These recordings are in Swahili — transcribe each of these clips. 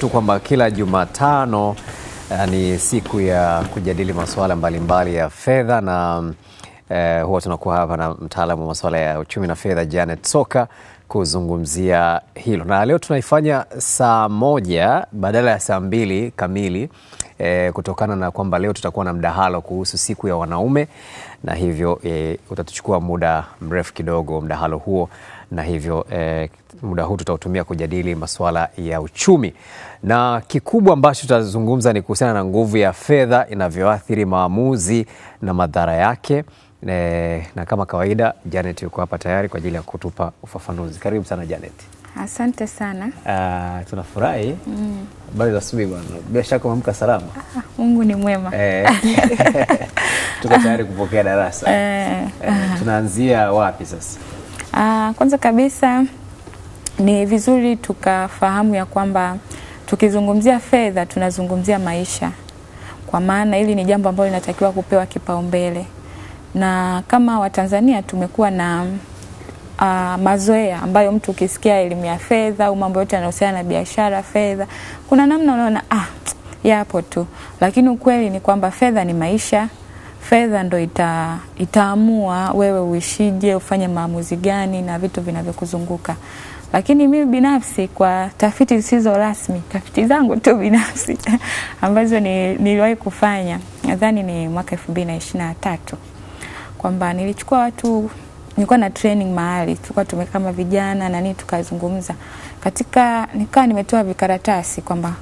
tu kwamba kila Jumatano uh, ni siku ya kujadili masuala mbalimbali ya fedha na uh, huwa tunakuwa hapa na mtaalamu wa masuala ya uchumi na fedha Janet Soka kuzungumzia hilo, na leo tunaifanya saa moja badala ya saa mbili kamili uh, kutokana na kwamba leo tutakuwa na mdahalo kuhusu siku ya wanaume, na hivyo uh, utatuchukua muda mrefu kidogo mdahalo huo na hivyo eh, muda huu tutautumia kujadili masuala ya uchumi, na kikubwa ambacho tutazungumza ni kuhusiana na nguvu ya fedha inavyoathiri maamuzi na madhara yake. E, na kama kawaida Janet yuko hapa tayari kwa ajili ya kutupa ufafanuzi. Karibu sana Janet. Asante sana. Uh, tunafurahi mm. za asubuhi bwana, bila shaka umeamka salama. Ah, Mungu ni mwema eh. Tuko tayari kupokea darasa eh, eh, tunaanzia wapi sasa? Aa, ah, kwanza kabisa ni vizuri tukafahamu ya kwamba tukizungumzia fedha tunazungumzia maisha, kwa maana hili ni jambo ambalo linatakiwa kupewa kipaumbele, na kama Watanzania tumekuwa na uh, mazoea ambayo mtu ukisikia elimu ya fedha au mambo yote yanayohusiana na biashara fedha, kuna namna unaona ah, yapo tu, lakini ukweli ni kwamba fedha ni maisha fedha ndo ita, itaamua wewe uishije, ufanye maamuzi gani na vitu vinavyokuzunguka. Lakini mimi binafsi kwa tafiti zisizo rasmi, tafiti zangu tu binafsi ambazo ni, niliwahi kufanya nadhani ni mwaka elfu mbili na ishirini na tatu kwamba nilichukua watu nilikuwa na training mahali tulikuwa tumekaa kama vijana na nini, tukazungumza katika, nikawa nimetoa vikaratasi kwamba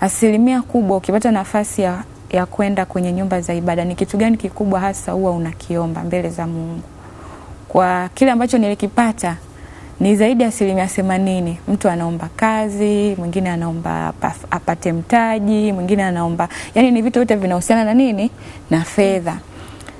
asilimia kubwa ukipata nafasi ya ya kwenda kwenye nyumba za ibada, ni kitu gani kikubwa hasa huwa unakiomba mbele za Mungu? Kwa kile ambacho nilikipata ni zaidi ya asilimia themanini. Mtu anaomba kazi, mwingine anaomba apate mtaji, mwingine anaomba yani, ni vitu vyote vinahusiana na nini, na fedha.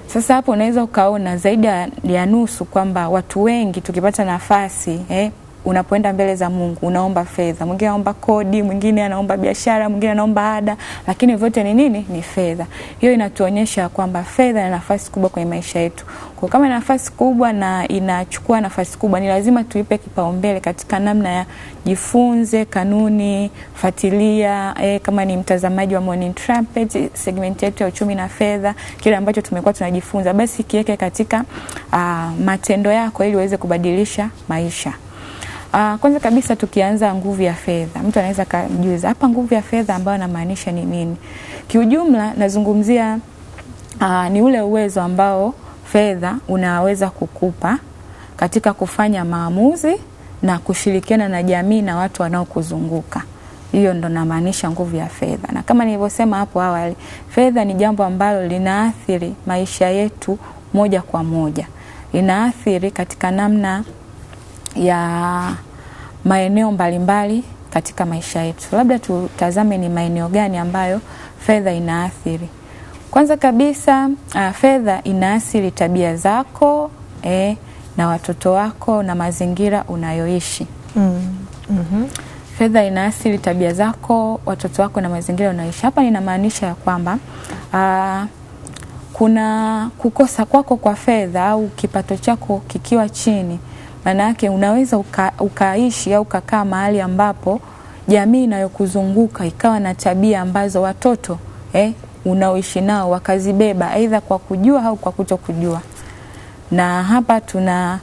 Sasa hapo unaweza ukaona zaidi ya nusu kwamba watu wengi tukipata nafasi eh, unapoenda mbele za Mungu unaomba fedha, mwingine anaomba kodi, mwingine anaomba biashara, mwingine anaomba ada, lakini vyote ni nini? Ni fedha. Hiyo inatuonyesha kwamba fedha ina nafasi kubwa kwenye maisha yetu. Kwa kama ina nafasi kubwa na inachukua nafasi kubwa, ni lazima tuipe kipaumbele katika namna ya jifunze kanuni, fuatilia e, kama ni mtazamaji wa Morning Trumpet, segment yetu ya uchumi na fedha, kile ambacho tumekuwa tunajifunza basi kiweke katika uh, matendo yako ili uweze kubadilisha maisha. Uh, kwanza kabisa tukianza nguvu ya fedha, mtu anaweza kajiuliza hapa nguvu ya fedha ambayo namaanisha ni nini? Kiujumla nazungumzia uh, ni ule uwezo ambao fedha unaweza kukupa katika kufanya maamuzi na kushirikiana na jamii na watu wanaokuzunguka. Hiyo ndo namaanisha nguvu ya fedha, na kama nilivyosema hapo awali, fedha ni jambo ambalo linaathiri maisha yetu moja kwa moja, inaathiri katika namna ya maeneo mbalimbali katika maisha yetu. Labda tutazame ni maeneo gani ambayo fedha inaathiri. Kwanza kabisa uh, fedha inaathiri tabia zako eh, na watoto wako na mazingira unayoishi. mm. mm -hmm. Fedha inaathiri tabia zako, watoto wako na mazingira unayoishi. Hapa ninamaanisha ya kwamba uh, kuna kukosa kwako kwa, kwa fedha au kipato chako kikiwa chini maana yake unaweza uka, ukaishi au ukakaa mahali ambapo jamii inayokuzunguka ikawa na tabia ambazo watoto eh, unaoishi nao wakazibeba aidha kwa kujua au kwa kutokujua, na hapa tuna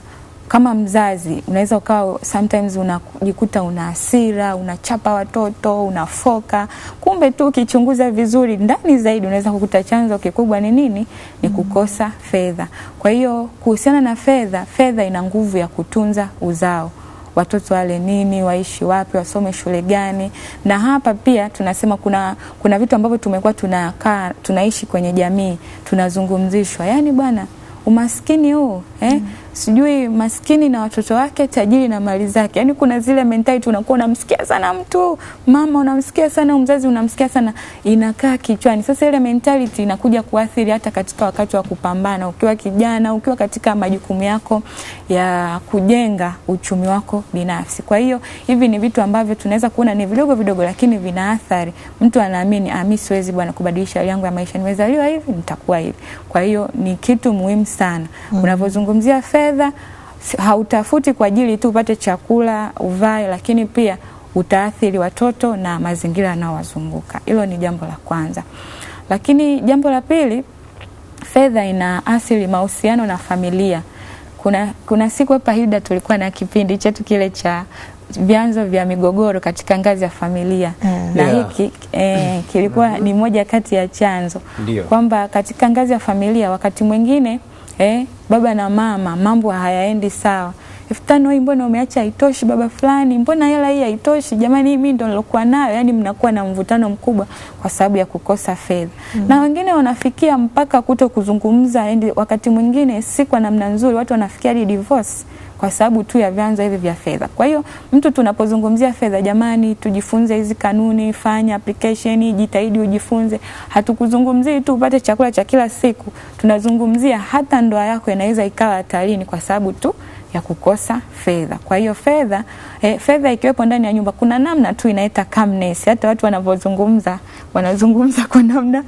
kama mzazi unaweza ukawa sometimes unajikuta una hasira, unachapa watoto, unafoka. Kumbe tu ukichunguza vizuri ndani zaidi unaweza kukuta chanzo kikubwa ni nini? Ni mm-hmm. kukosa fedha. Kwa hiyo kuhusiana na fedha, fedha ina nguvu ya kutunza uzao watoto wale nini, waishi wapi, wasome shule gani. Na hapa pia tunasema kuna, kuna vitu ambavyo tumekuwa tunakaa tunaishi kwenye jamii tunazungumzishwa, yaani bwana, umaskini huu eh? mm. Sijui maskini na watoto wake, tajiri na mali zake. Yani kuna zile mentality unakuwa unamsikia sana mtu mama, unamsikia sana mzazi, unamsikia sana inakaa kichwani. Sasa ile mentality inakuja kuathiri hata katika wakati wa kupambana, ukiwa kijana, ukiwa katika majukumu yako ya kujenga uchumi wako binafsi. Kwa hiyo hivi ni vitu ambavyo tunaweza kuona ni vidogo vidogo, lakini vina athari. Mtu anaamini ah, mimi siwezi bwana kubadilisha hali yangu ya maisha, nimezaliwa hivi, nitakuwa hivi. Kwa hiyo ni kitu muhimu sana mm. unavyozungumza Tunapozungumzia fedha, hautafuti kwa ajili tu upate chakula uvae, lakini pia utaathiri watoto na mazingira yanayowazunguka. Hilo ni jambo la kwanza, lakini jambo la pili, fedha ina athiri mahusiano na familia. Kuna, kuna siku hapa Hilda tulikuwa na kipindi chetu kile cha vyanzo vya migogoro katika ngazi ya familia mm. na yeah. hiki eh, kilikuwa ni moja kati ya chanzo kwamba katika ngazi ya familia wakati mwingine eh, baba na mama mambo hayaendi sawa. elfu tano hii mbona umeacha haitoshi, baba fulani, mbona hela hii haitoshi jamani, hii mimi ndo nilokuwa nayo. Yani mnakuwa na mvutano mkubwa kwa sababu ya kukosa fedha mm. Na wengine wanafikia mpaka kuto kuzungumza, yaani wakati mwingine si kwa namna nzuri, watu wanafikia hadi divorce kwa sababu tu ya vyanzo hivi vya fedha. Kwa hiyo mtu tunapozungumzia fedha, jamani, tujifunze hizi kanuni, fanya application, jitahidi ujifunze. Hatukuzungumzii tu upate chakula cha kila siku, tunazungumzia hata ndoa yako inaweza ikawa hatarini kwa sababu tu ya kukosa fedha. Kwa hiyo fedha e, fedha ikiwepo ndani ya nyumba kuna namna tu inaita calmness. Hata watu wanavyozungumza wanazungumza kwa namna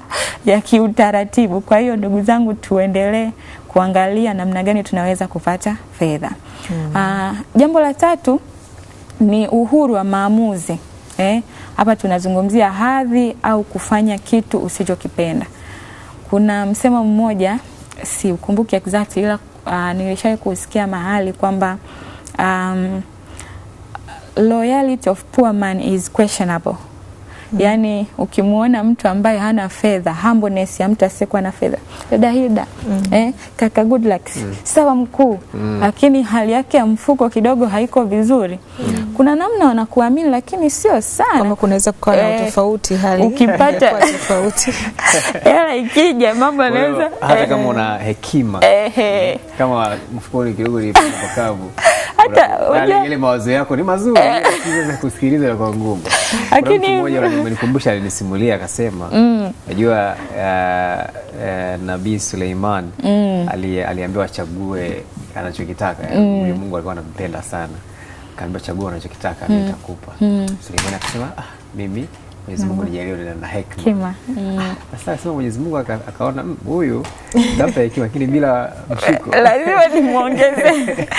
ya kiutaratibu. Kwa hiyo ndugu zangu, tuendelee kuangalia namna gani tunaweza kupata fedha. Mm. Ah, jambo la tatu ni uhuru wa maamuzi. Eh, hapa tunazungumzia hadhi au kufanya kitu usichokipenda. Kuna msemo mmoja si ukumbuki exactly ila uh, nilishawahi kusikia mahali kwamba um, loyalty of poor man is questionable. Yaani ukimwona mtu ambaye hana fedha, humbleness ya mtu asiyekuwa na fedha, dada Hilda mm eh, kaka good luck mm. sawa mkuu mm. lakini hali yake ya mfuko kidogo haiko vizuri mm. kuna namna wanakuamini, lakini sio sana, kama kunaweza kuwa na eh, utofauti hali ukipata tofauti hela ikija mambo yanaweza hata eh. kama una hekima eh, kama mfukoni kidogo ni pakavu, hata ile yaani mawazo yako ni mazuri, eh. kusikiliza kwa ngumu lakini mmoja alinikumbusha, alinisimulia akasema, najua mm. uh, uh, Nabii Suleiman mm. ali, aliambiwa achague anachokitaka mm. Yaani Mungu alikuwa anampenda sana, akaambiwa chagua anachokitaka mm. nitakupa mm. Suleiman akasema ah, mimi Mwenyezi Mungu mm. nijalie na na hekima. Ah, mm. Sasa sema Mwenyezi Mungu akaona mm, huyu ndampa hekima lakini bila mshuko lazima nimuongeze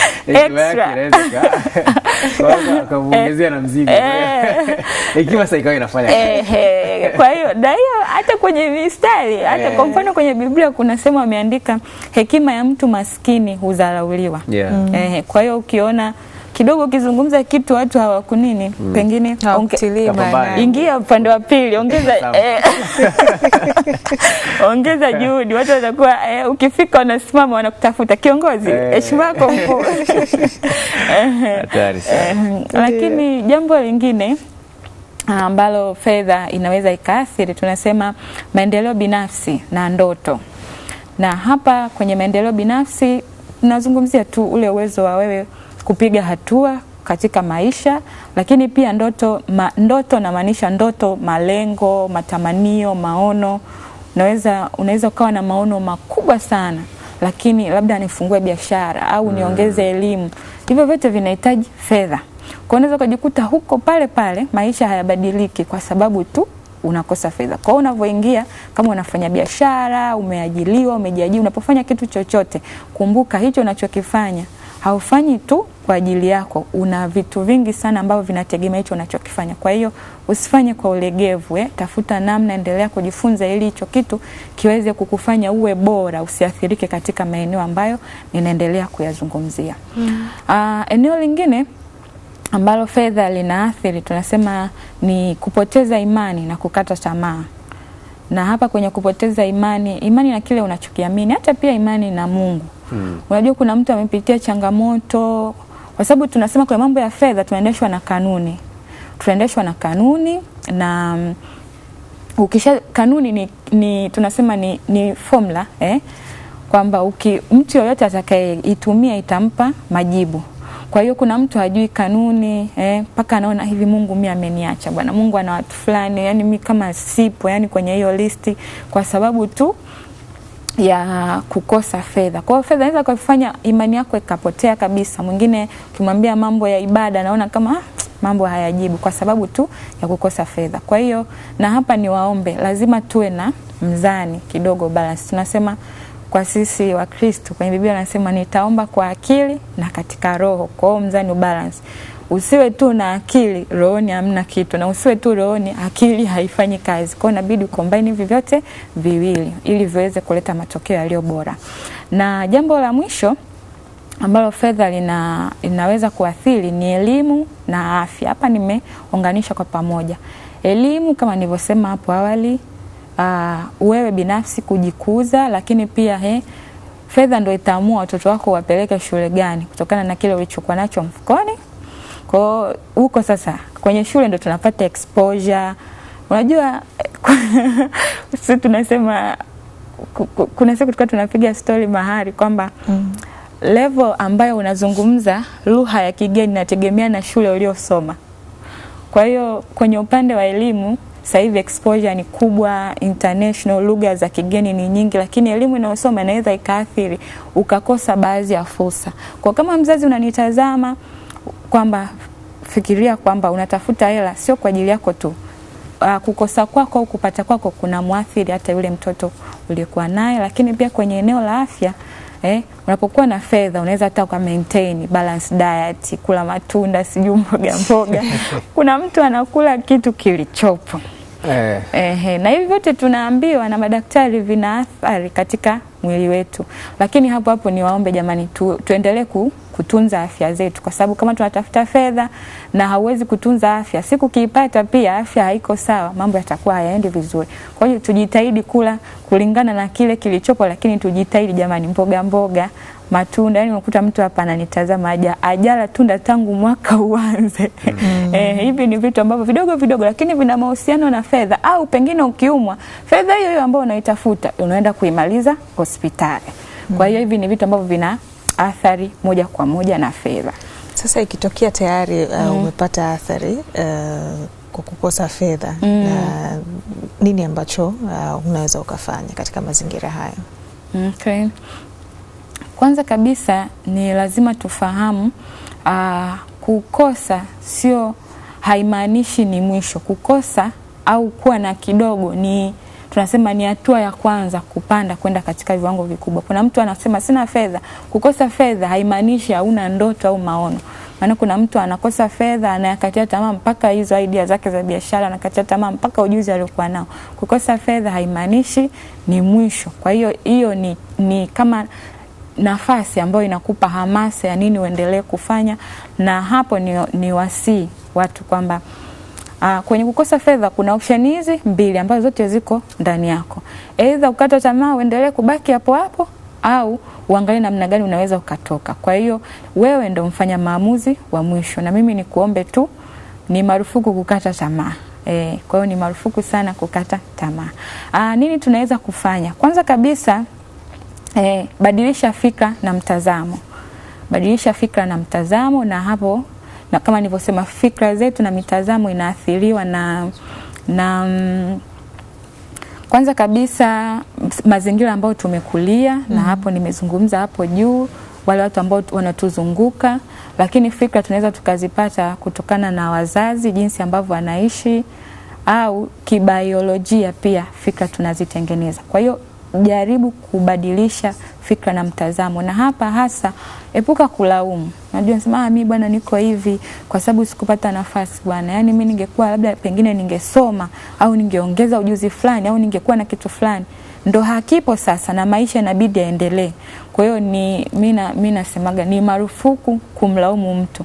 extra akamuongezea na mzigo eh. ikiwa sasa ikawa inafanya kwa hiyo na hiyo hata kwenye mistari hata kwa eh. mfano kwenye Biblia kuna sehemu ameandika hekima ya mtu maskini huzarauliwa Yeah. Mm. Kwa hiyo ukiona kidogo ukizungumza kitu watu hawakunini mm. Pengine ingia upande wa pili, ongeza eh, ongeza juhudi, watu watakuwa eh, ukifika wanasimama wanakutafuta kiongozi, eh. heshima yako mkuu. Lakini jambo lingine ah, ambalo fedha inaweza ikaathiri, tunasema maendeleo binafsi na ndoto, na hapa kwenye maendeleo binafsi tunazungumzia tu ule uwezo wa wewe kupiga hatua katika maisha, lakini pia ndoto ma, ndoto namaanisha ndoto, malengo, matamanio, maono. Unaweza unaweza ukawa na maono makubwa sana, lakini labda nifungue biashara au mm. niongeze elimu. Hivyo vyote vinahitaji fedha, kwa unaweza ukajikuta huko pale pale, maisha hayabadiliki kwa sababu tu unakosa fedha. Kwa hiyo unavyoingia, kama unafanya biashara, umeajiliwa, umejiajiri, unapofanya kitu chochote, kumbuka hicho unachokifanya haufanyi tu kwa ajili yako. Una vitu vingi sana ambavyo vinategemea hicho unachokifanya. Kwa hiyo usifanye kwa ulegevu eh. Tafuta namna, endelea kujifunza ili hicho kitu kiweze kukufanya uwe bora, usiathirike katika maeneo ambayo ninaendelea kuyazungumzia. Mm. Aa, ah, eneo lingine ambalo fedha linaathiri tunasema ni kupoteza imani na kukata tamaa. Na hapa kwenye kupoteza imani, imani na kile unachokiamini, hata pia imani na Mungu. Hmm. Unajua kuna mtu amepitia changamoto kwa sababu tunasema kwenye mambo ya fedha tunaendeshwa na kanuni, tunaendeshwa na kanuni na mm, ukisha kanuni ni, ni tunasema ni, ni formula eh, kwamba uki mtu yoyote atakayeitumia itampa majibu. Kwa hiyo kuna mtu hajui kanuni eh, mpaka eh, anaona hivi, Mungu mimi ameniacha bwana, Mungu ana watu fulani, yani mi kama sipo yani kwenye hiyo listi, kwa sababu tu ya kukosa fedha. Kwa hiyo fedha inaweza kufanya imani yako ikapotea kabisa. Mwingine ukimwambia mambo ya ibada, naona kama ah, mambo hayajibu kwa sababu tu ya kukosa fedha. Kwa hiyo na hapa ni waombe, lazima tuwe na mzani kidogo, balance. Tunasema kwa sisi Wakristo kwenye Biblia anasema nitaomba kwa akili na katika roho. Kwa hiyo mzani ubalansi usiwe tu na akili rohoni hamna kitu, na usiwe tu rohoni akili haifanyi kazi. Kwa hiyo inabidi ukombaini hivi vyote viwili ili viweze kuleta matokeo yaliyo bora. Na jambo la mwisho ambalo fedha lina, linaweza kuathiri ni elimu na afya. Hapa nimeunganisha kwa pamoja. Elimu kama nilivyosema hapo awali, uh, wewe binafsi kujikuza, lakini pia he, eh, fedha ndio itaamua watoto wako wapeleke shule gani kutokana na kile ulichokuwa nacho mfukoni. Kwa huko sasa kwenye shule ndo tunapata exposure. Unajua sisi tunasema kuna siku tulikuwa tunapiga stori mahali kwamba mm. level ambayo unazungumza lugha ya kigeni inategemea na shule uliosoma. Kwa hiyo kwenye upande wa elimu sasa hivi exposure ni kubwa, international lugha za kigeni ni nyingi, lakini elimu inayosoma inaweza ikaathiri ukakosa baadhi ya fursa. Kwa kama mzazi unanitazama kwamba fikiria kwamba unatafuta hela sio kwa ajili yako tu. Uh, kukosa kwako au kupata kwako kuna mwathiri hata yule mtoto uliokuwa naye, lakini pia kwenye eneo la afya eh, unapokuwa na fedha unaweza hata uka maintain balance diet, kula matunda, sijui mboga mboga kuna mtu anakula kitu kilichopo eh. Eh, na hivi vyote tunaambiwa na madaktari vina athari katika mwili wetu. Lakini hapo hapo niwaombe jamani, tu, tuendelee ku, kutunza afya zetu, kwa sababu kama tunatafuta fedha na hauwezi kutunza afya, siku kiipata pia afya haiko sawa, mambo yatakuwa hayaendi vizuri. Kwa hiyo tujitahidi kula kulingana na kile kilichopo, lakini tujitahidi jamani, mboga mboga matunda, yani unakuta mtu hapa ananitazama aja ajala tunda tangu mwaka uanze. mm. Eh, hivi ni vitu ambavyo vidogo vidogo, lakini vina mahusiano na fedha, au pengine ukiumwa fedha hiyo hiyo ambayo unaitafuta unaenda kuimaliza hospitali. mm. Kwa hiyo hivi ni vitu ambavyo vina athari moja kwa moja na fedha. Sasa ikitokea tayari uh, mm. umepata athari uh, kwa kukosa fedha mm. na nini ambacho uh, unaweza ukafanya katika mazingira hayo? Okay. Kwanza kabisa ni lazima tufahamu uh, kukosa sio haimaanishi ni mwisho. Kukosa au kuwa na kidogo ni tunasema ni hatua ya kwanza kupanda kwenda katika viwango vikubwa. Kuna mtu anasema sina fedha. Kukosa fedha haimaanishi hauna ndoto au maono. Maana kuna mtu anakosa fedha, anayakatia tamaa mpaka hizo idea zake za biashara, anakatia tamaa mpaka ujuzi aliokuwa nao. Kukosa fedha haimaanishi ni mwisho. Kwa hiyo hiyo ni, ni kama nafasi ambayo inakupa hamasa ya nini uendelee kufanya, na hapo ni, ni wasii watu kwamba Aa, ah, kwenye kukosa fedha kuna option hizi mbili ambazo zote ziko ndani yako. Aidha ukata tamaa uendelee kubaki hapo hapo au uangalie namna gani unaweza ukatoka. Kwa hiyo wewe ndo mfanya maamuzi wa mwisho, na mimi nikuombe tu, ni marufuku kukata tamaa. E, kwa hiyo ni marufuku sana kukata tamaa. Ah, nini tunaweza kufanya? Kwanza kabisa eh, badilisha fikra na mtazamo, badilisha fikra na mtazamo, na hapo na kama nilivyosema, fikra zetu na mitazamo inaathiriwa na, na mm, kwanza kabisa mazingira ambayo tumekulia mm. na mm-hmm. hapo nimezungumza hapo juu wale watu ambao wanatuzunguka, lakini fikra tunaweza tukazipata kutokana na wazazi, jinsi ambavyo wanaishi, au kibaiolojia pia fikra tunazitengeneza. Kwa hiyo jaribu kubadilisha fikra na mtazamo, na hapa hasa epuka kulaumu. Najua nasema ah, mimi bwana niko hivi kwa sababu sikupata nafasi bwana, yani mimi ningekuwa labda pengine ningesoma au ningeongeza ujuzi fulani au ningekuwa na kitu fulani ndo hakipo sasa, na maisha inabidi yaendelee. Kwa hiyo ni mimi nasemaga ni marufuku kumlaumu mtu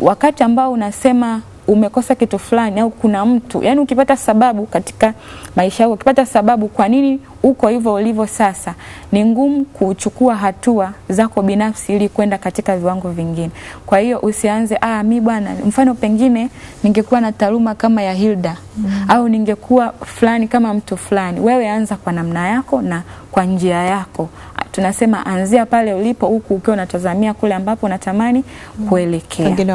wakati ambao unasema umekosa kitu fulani au kuna mtu yani, ukipata sababu katika maisha yako, ukipata sababu kwa nini uko hivyo ulivyo sasa, ni ngumu kuchukua hatua zako binafsi ili kwenda katika viwango vingine. Kwa hiyo usianze ah, mi bwana, mfano pengine ningekuwa na taaluma kama ya Hilda mm, au ningekuwa fulani kama mtu fulani. Wewe anza kwa namna yako na kwa njia yako tunasema anzia pale ulipo, huku ukiwa unatazamia kule ambapo unatamani kuelekea. Wengine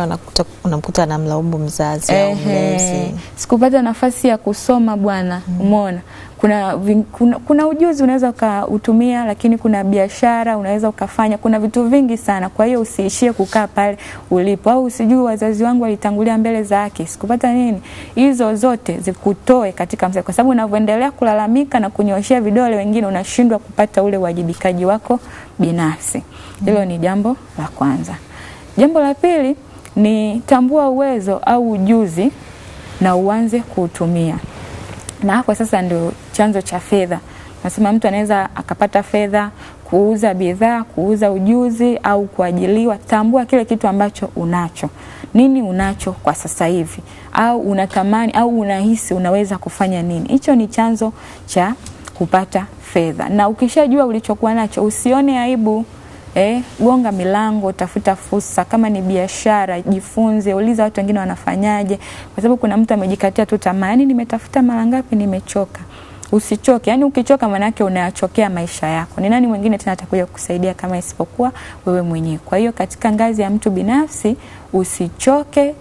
unamkuta anamlaumu mzazi au mlezi, sikupata nafasi ya kusoma bwana, mm. umeona mm kuna, kuna, kuna ujuzi unaweza ukautumia, lakini kuna biashara unaweza ukafanya, kuna vitu vingi sana. Kwa hiyo usiishie kukaa pale ulipo, au usijui wazazi wangu walitangulia mbele za haki, sikupata nini. Hizo zote zikutoe katika msa, kwa sababu unavyoendelea kulalamika na kunyoshea vidole wengine unashindwa kupata ule uwajibikaji wako binafsi. Hilo ni jambo la kwanza. Jambo la pili ni tambua uwezo au ujuzi na uanze kuutumia na hapo sasa ndio chanzo cha fedha. Nasema mtu anaweza akapata fedha kuuza bidhaa, kuuza ujuzi au kuajiliwa. Tambua kile kitu ambacho unacho, nini unacho kwa sasa hivi, au unatamani au unahisi unaweza kufanya nini. Hicho ni chanzo cha kupata fedha, na ukishajua ulichokuwa nacho usione aibu eh, gonga milango, tafuta fursa. Kama ni biashara, jifunze, uliza watu wengine wanafanyaje, kwa sababu kuna mtu amejikatia tu tamaa, yani nimetafuta mara ngapi, nimechoka. Usichoke, yani ukichoka maana yake unayachokea maisha yako. Ni nani mwingine tena atakuja kukusaidia kama isipokuwa wewe mwenyewe? Kwa hiyo katika ngazi ya mtu binafsi usichoke,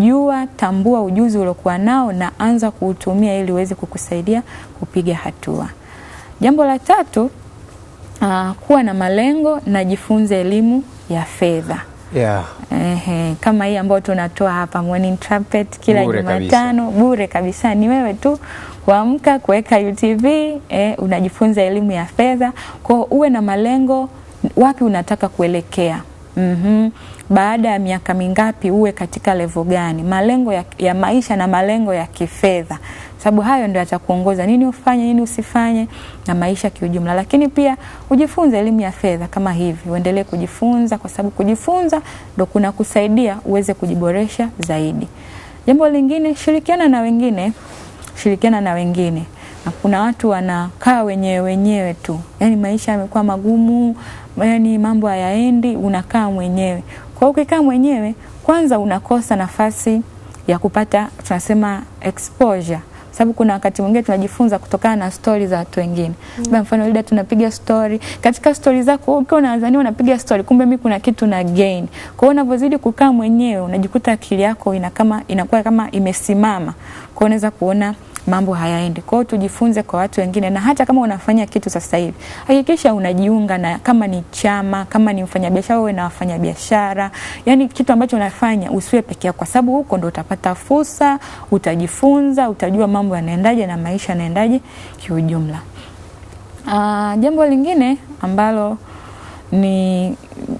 jua, tambua ujuzi uliokuwa nao na anza kuutumia ili uweze kukusaidia kupiga hatua. Jambo la tatu uh, kuwa na malengo na jifunze elimu ya fedha. Yeah. Ehe, kama hii ambayo tunatoa hapa Morning Trumpet kila Jumatano bure kabisa, ni wewe tu kuamka kuweka UTV eh, unajifunza elimu ya fedha. Kwa uwe na malengo, wapi unataka kuelekea mm -hmm. Baada ya miaka mingapi uwe katika levo gani? Malengo ya, ya maisha na malengo ya kifedha sababu hayo ndio yatakuongoza nini ufanye, nini usifanye na maisha kiujumla. Lakini pia ujifunze elimu ya fedha kama hivi, uendelee kujifunza, kwa sababu kujifunza ndo kuna kusaidia uweze kujiboresha zaidi. Jambo lingine, shirikiana na wengine, shirikiana na wengine na kuna watu wanakaa wenyewe wenyewe tu, yani maisha yamekuwa magumu, yani mambo hayaendi, unakaa mwenyewe. Kwa hiyo ukikaa mwenyewe, kwanza unakosa nafasi ya kupata tunasema exposure sababu kuna wakati mwingine tunajifunza kutokana na stori za watu wengine. Labda mfano Lida, tunapiga stori, katika stori zako ukiwa unadhania unapiga stori, kumbe mi kuna kitu na gain. Kwa hiyo unavyozidi kukaa mwenyewe unajikuta akili yako ina kama inakuwa kama imesimama, kwa unaweza kuona mambo hayaendi. Kwao tujifunze kwa watu wengine, na hata kama unafanya kitu sasa hivi hakikisha unajiunga na, kama ni chama, kama ni mfanyabiashara, uwe na wafanyabiashara, yani kitu ambacho unafanya usiwe peke yako, kwa sababu huko ndo utapata fursa, utajifunza, utajua mambo yanaendaje na maisha yanaendaje kiujumla. Uh, jambo lingine ambalo ni,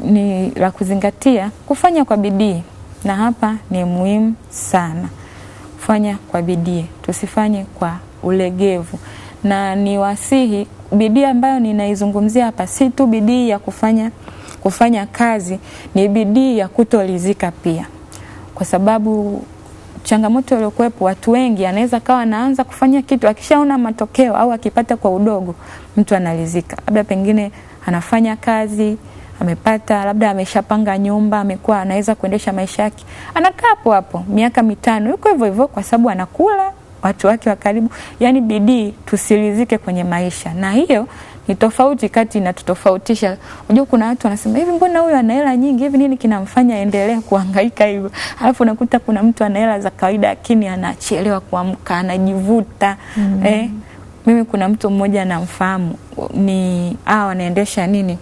ni la kuzingatia kufanya kwa bidii, na hapa ni muhimu sana kufanya kwa bidii, tusifanye kwa ulegevu, na niwasihi bidii ambayo ninaizungumzia hapa si tu bidii ya kufanya kufanya kazi, ni bidii ya kutolizika pia, kwa sababu changamoto iliyokuwepo, watu wengi anaweza kawa anaanza kufanya kitu, akishaona matokeo au akipata kwa udogo, mtu analizika, labda pengine anafanya kazi amepata labda, ameshapanga nyumba, amekuwa anaweza kuendesha maisha yake, anakaa hapo hapo miaka mitano, yuko hivyo hivyo, kwa sababu anakula watu wake wa karibu. Yani bidii tusilizike kwenye maisha, na hiyo ni tofauti kati inatutofautisha. Unajua, kuna watu wanasema hivi, mbona huyu ana hela nyingi hivi, nini kinamfanya endelea kuhangaika hivyo? Alafu unakuta kuna mtu ana hela za kawaida, lakini anachelewa kuamka, anajivuta mm -hmm. Eh, mimi kuna mtu mmoja namfahamu, ni aa, ah, wanaendesha nini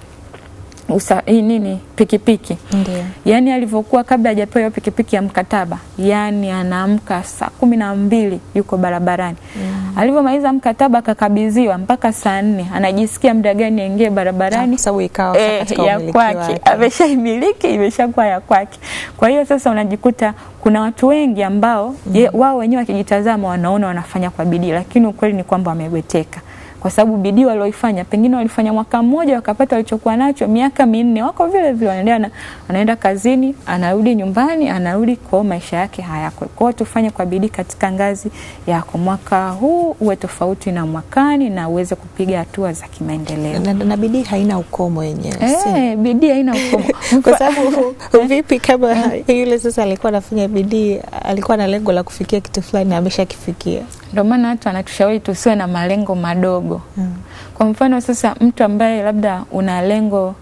usa, hii eh, nini pikipiki ndio. Yani alivyokuwa kabla hajapewa hiyo pikipiki ya mkataba, yani anaamka saa kumi na mbili yuko barabarani mm. Alivyomaliza mkataba akakabidhiwa mpaka saa nne anajisikia muda gani aingie barabarani ah, ikawa e, ya kwake, ameshaimiliki imeshakuwa ya kwake. Kwa hiyo sasa unajikuta kuna watu wengi ambao mm. wao wenyewe wakijitazama wanaona wanafanya kwa bidii, lakini ukweli ni kwamba wamebweteka kwa sababu bidii walioifanya pengine walifanya mwaka mmoja wakapata walichokuwa nacho miaka minne, wako vile vile wanaendelea, anaenda kazini, anarudi nyumbani, anarudi kwao, maisha yake hayako. Kwa hiyo tufanye kwa bidii katika ngazi yako, mwaka huu uwe tofauti na mwakani na uweze kupiga hatua za kimaendeleo. Na, na bidii haina ukomo yenyewe eh, bidii haina ukomo kwa sababu vipi kama yule sasa alikuwa anafanya bidii, alikuwa na lengo la kufikia kitu fulani ameshakifikia. Ndio maana watu wanatushauri tusiwe na malengo madogo mm. Kwa mfano sasa, mtu ambaye labda una lengo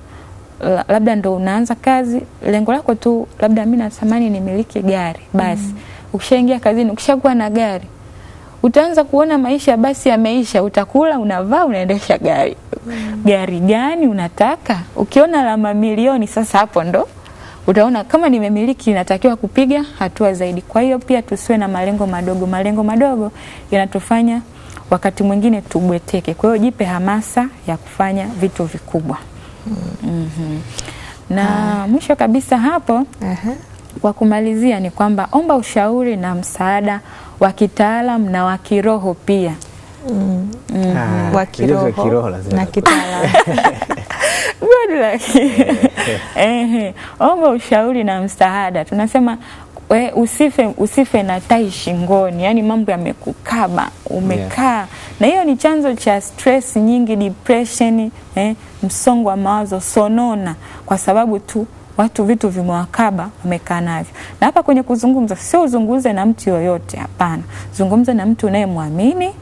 labda ndo unaanza kazi, lengo lako tu labda mi natamani nimiliki gari basi mm. Ukishaingia kazini, ukishakuwa na gari utaanza kuona maisha basi yameisha. Utakula, unavaa, unaendesha gari mm. Gari gani unataka? Ukiona la mamilioni, sasa hapo ndo utaona kama nimemiliki, inatakiwa kupiga hatua zaidi. Kwa hiyo pia tusiwe na malengo madogo. Malengo madogo yanatufanya wakati mwingine tubweteke. Kwa hiyo jipe hamasa ya kufanya vitu vikubwa. mm. -hmm. na mwisho kabisa hapo Aha. Kwa kumalizia ni kwamba omba ushauri na msaada wa kitaalam na wa kiroho pia. Mm. Ah, wa kiroho, na kitaalamu good luck omba ushauri na msaada. Tunasema we, usife, usife na tai shingoni, yaani mambo yamekukaba umekaa, yeah. na hiyo ni chanzo cha stress nyingi, depression eh, msongo wa mawazo, sonona, kwa sababu tu watu vitu vimewakaba wamekaa navyo. Na hapa kwenye kuzungumza, sio uzungumze na mtu yoyote, hapana, zungumza na mtu unayemwamini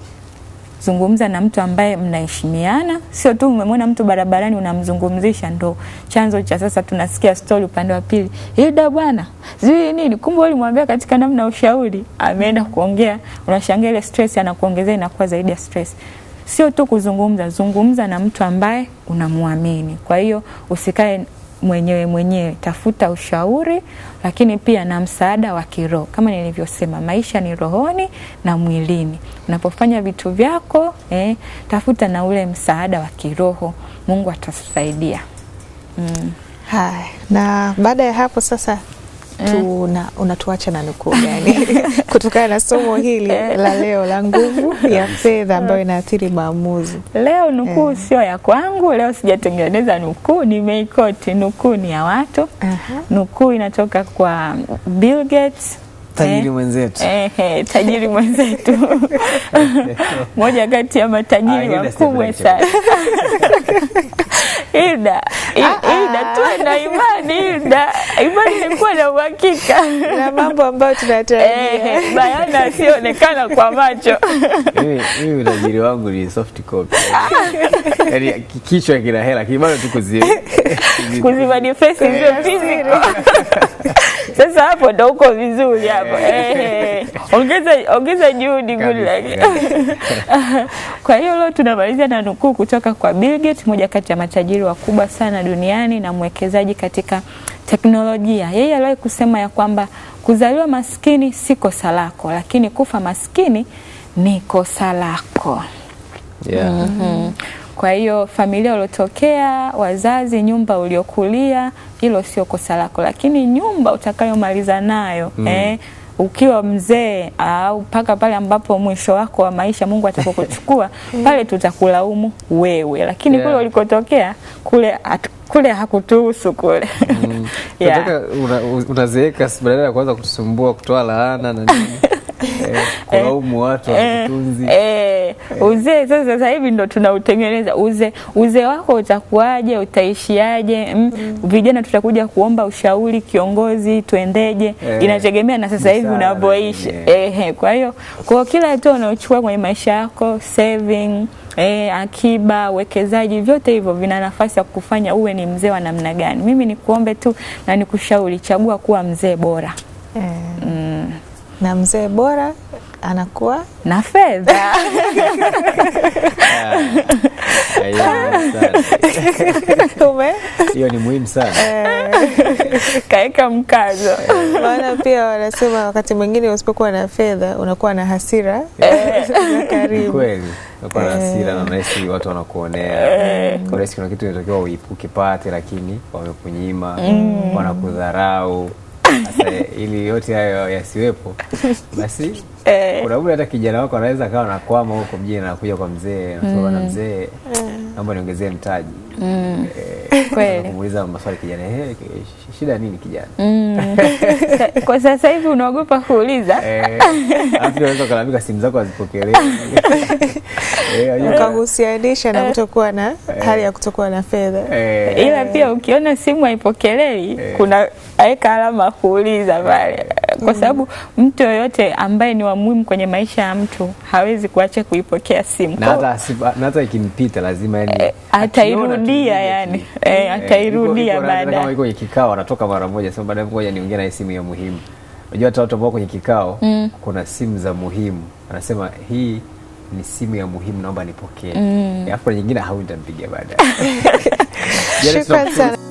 zungumza na mtu ambaye mnaheshimiana, sio tu umemwona mtu barabarani unamzungumzisha. Ndo chanzo cha sasa tunasikia stori upande wa pili, Hilda bwana zii nini, kumbe ulimwambia katika namna ya ushauri, ameenda kuongea, unashangaa ile stress anakuongezea, inakuwa zaidi ya stress. Sio tu kuzungumza, zungumza na mtu ambaye unamwamini. Kwa hiyo usikae mwenyewe mwenyewe, tafuta ushauri, lakini pia na msaada wa kiroho. Kama nilivyosema, maisha ni rohoni na mwilini. Unapofanya vitu vyako eh, tafuta na ule msaada wa kiroho, Mungu atasaidia Mm. Hai, na baada ya hapo sasa Eh. unatuacha na nukuu gani kutokana na somo hili eh. la leo la nguvu ya eh. fedha ambayo inaathiri maamuzi? Leo nukuu eh, sio ya kwangu. Leo sijatengeneza nukuu, nimeikoti. Nukuu ni ya watu. Nukuu inatoka kwa Bill Gates tajiri eh, mwenzetu eh, eh, tajiri mwenzetu moja kati ya matajiri wakubwa sana Hilda, Hilda, ah, ah. tuwe na imani Hilda, imani ni ilikuwa na uhakika na mambo ambayo tunatarajia eh, bayana asionekana kwa macho. Mimi utajiri wangu ni soft copy, yaani kichwa kina hela, lakini bado tu kuzimanifesti zile eh. physical sasa hapo ndo uko vizuri hapo. Eh. Ongeza ongeza juhudi, good luck. Kwa hiyo leo tunamalizia na nukuu kutoka kwa Bill Gates, moja kati ya matajiri wakubwa sana duniani na mwekezaji katika teknolojia. Yeye aliwahi kusema ya kwamba kuzaliwa maskini si kosa lako, lakini kufa maskini ni kosa lako. Yeah. Mm -hmm. Kwa hiyo familia uliotokea, wazazi, nyumba uliokulia hilo sio kosa lako, lakini nyumba utakayomaliza nayo mm. eh, ukiwa mzee au mpaka pale ambapo mwisho wako wa maisha Mungu atakokuchukua pale tutakulaumu wewe, lakini yeah. kule ulikotokea kule at, kule hakutuhusu kule mm. yeah. Unazeeka badala ya kuanza kutusumbua kutoa laana na nini Eh, kulaumu eh, watu eh, wakutunzi. uzee sasa, sasa hivi ndo tunautengeneza uzee. Uzee wako utakuwaje? Utaishiaje? mm. mm. Vijana tutakuja kuomba ushauri, kiongozi, tuendeje? eh, inategemea na sasa hivi unavyoishi. Eh, kwa hiyo kwa kila hatua unaochukua kwenye maisha yako saving E, akiba, uwekezaji, vyote hivyo vina nafasi ya kufanya uwe ni mzee wa namna gani. Mimi nikuombe tu na nikushauri, chagua kuwa mzee bora mm. Mm na mzee bora anakuwa na fedha hiyo ni muhimu sana eh. kaeka mkazo, eh. maana pia wanasema wakati mwingine usipokuwa na fedha unakuwa na hasira eh. karibukweli unakuwa na hasira na nahisi watu wanakuonea, nahisi kuna kitu inatakiwa ukipate, lakini wamekunyima, mm. wanakudharau sasa ili yote hayo yasiwepo, basi eh. kuna muda hata kijana wako anaweza akawa nakwama huko mjini, anakuja kwa mzee na mm. mzee, eh. naomba niongezee mtaji, mm. eh, kumuuliza maswali kijana, shida nini kijana? Mm. Kwa sasa hivi unaogopa kuuliza, unaweza kulalamika simu zako hazipokelewi, ukahusianisha na kutokuwa na hali ya kutokuwa na fedha, ila pia ukiona simu haipokelewi, kuna aweka alama kuuliza kuuliza pale, kwa mm. sababu mtu yoyote ambaye ni wa muhimu kwenye maisha ya mtu hawezi kuacha kuipokea simu, na hata ikimpita lazima yani eh, atairudia, yani eh, eh, atairudia baada kama iko kikao, anatoka mara moja, sema baada ngoja niongee na simu ya muhimu. Unajua hata watu ambao kwenye kikao mm. kuna simu za muhimu, anasema hii ni simu ya muhimu, naomba nipokee. Mm. Alafu mm. nyingine hautapiga baadaye. Yaani Shukrani sana.